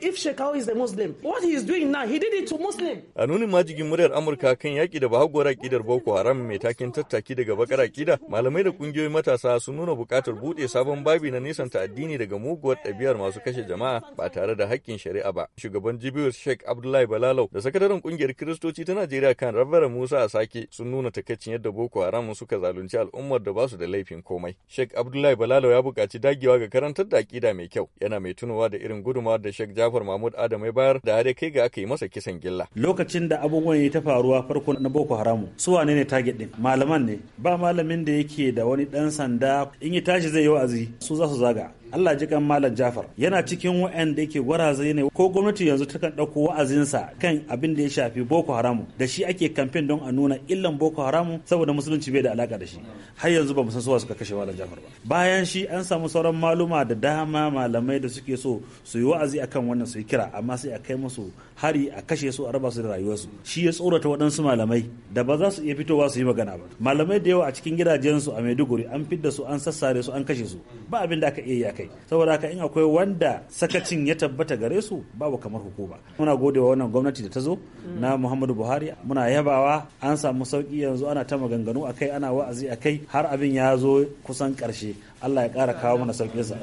if Shekau is a Muslim, what he is doing now, he did it to Muslim. A nunin majigin muryar Amurka kan yaƙi da bahaguwar aƙidar Boko Haram mai takin tattaki daga bakar aƙida, malamai da ƙungiyoyin matasa sun nuna buƙatar buɗe sabon babi na nisanta addini daga muguwar ɗabi'ar masu kashe jama'a ba tare da haƙƙin shari'a ba. Shugaban Jibiru Sheikh Abdullahi Balalau da sakataren ƙungiyar Kiristoci ta Najeriya kan Rabbara Musa a Sake, sun nuna takaicin yadda Boko Haram suka zalunci al'ummar da ba su da laifin komai. Sheikh Abdullahi Balalau ya buƙaci dagewa ga karantar da aƙida mai kyau, yana mai tunawa da irin gudunmawar da Sheikh Jafar Mahmud Adam ya bayar da hare kai ga aka yi masa kisan gilla. Lokacin da abubuwan ya ta faruwa farko na Boko Haram su wane ne target din? Malaman ne. Ba malamin da yake da wani dan sanda in ya tashi zai yi wa'azi su za su zaga. Allah ji kan Malam Jafar yana cikin waɗanda yake gwaraze ne ko gwamnati yanzu ta takan ɗauko wa'azinsa kan abin da ya shafi Boko Haram da shi ake kamfen don a nuna illan Boko Haram saboda musulunci bai da alaka da shi har yanzu ba mu san suwa suka kashe Malam Jafar ba bayan shi an samu sauran maluma da dama malamai da suke so su yi wa'azi akan wannan su yi kira amma sai a kai musu hari a kashe su a raba su da rayuwarsu shi ya tsorata waɗansu malamai da ba za su iya fitowa su yi magana ba malamai da yawa a cikin gidajensu a Maiduguri an fidda su an sassare su an kashe su ba abin da aka iya kai saboda haka in akwai wanda sakacin ya tabbata gare su babu kamar hukuma muna godewa wannan gwamnati da ta zo na Muhammadu Buhari muna yabawa an samu sauki yanzu ana ta maganganu akai ana wa'azi a kai har abin ya zo kusan karshe Allah ya ƙara kawo mana sauƙin sa.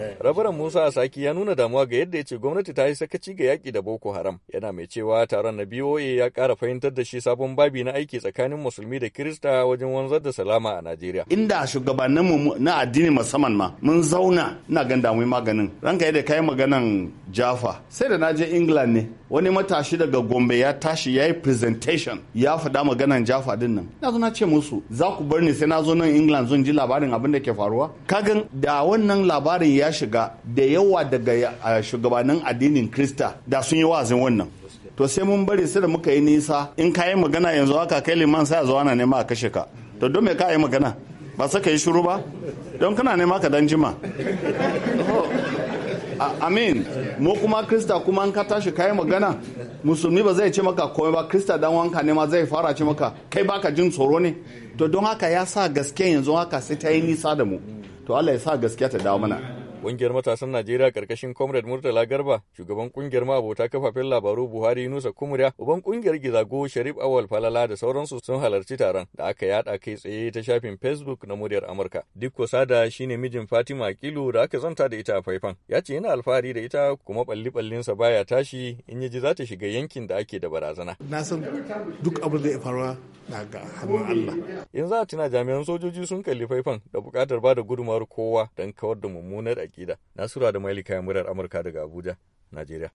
Eh. Rabaran Musa Asaki ya nuna damuwa ga yadda ya ce gwamnati ta yi sakaci ga yaƙi da Boko Haram. Yana mai cewa taron na BOA ya ƙara fahimtar da shi sabon babi na aiki tsakanin musulmi da Kirista wajen wanzar da salama a Najeriya. Inda shugabanninmu na addini musamman ma mun zauna duniya ina gan damuwa maganin ranka yadda kai maganan jafa sai da na je england ne wani matashi daga gombe ya tashi ya yi presentation ya faɗa maganan jafa din nan na zo na ce musu za ku bar ni sai na zo nan england zun ji labarin abin da ke faruwa kagan da wannan labarin ya shiga da yawa daga shugabannin addinin krista da sun yi wazin wannan to sai mun bari sai da muka yi nisa in ka yi magana yanzu haka kai liman sai a zo ana nema a kashe ka to don me ka yi magana ba saka yi shiru ba don kana nema ka dan jima amin mu kuma krista kuma ka tashi kayi magana musulmi ba zai ce maka komai ba krista dan wanka ne ma zai fara ce maka kai baka jin tsoro ne to don haka ya sa gaske yanzu haka sai ta yi nisa da mu to allah ya sa gaskiya ta dawo mana Ƙungiyar matasan Najeriya ƙarƙashin Comrade Murtala Garba, shugaban ƙungiyar ma'abota kafafen labaru Buhari Yunusa Kumuriya, uban ƙungiyar Gizago Sharif Awal Falala da sauransu sun halarci taron da aka yada kai tsaye ta shafin Facebook na muryar Amurka. Dikko Sada shine mijin Fatima kilu da aka zanta da ita a faifan. Ya ce yana alfahari da ita kuma ballin sa baya tashi in ya ji za ta shiga yankin da ake da barazana. Na san duk abin da ya faruwa daga hannun Allah. Yanzu a tuna jami'an sojoji sun kalli faifan da buƙatar ba da gudumar kowa don kawar da mummunar akida. Nasura da Mailika murar Amurka daga Abuja, Najeriya.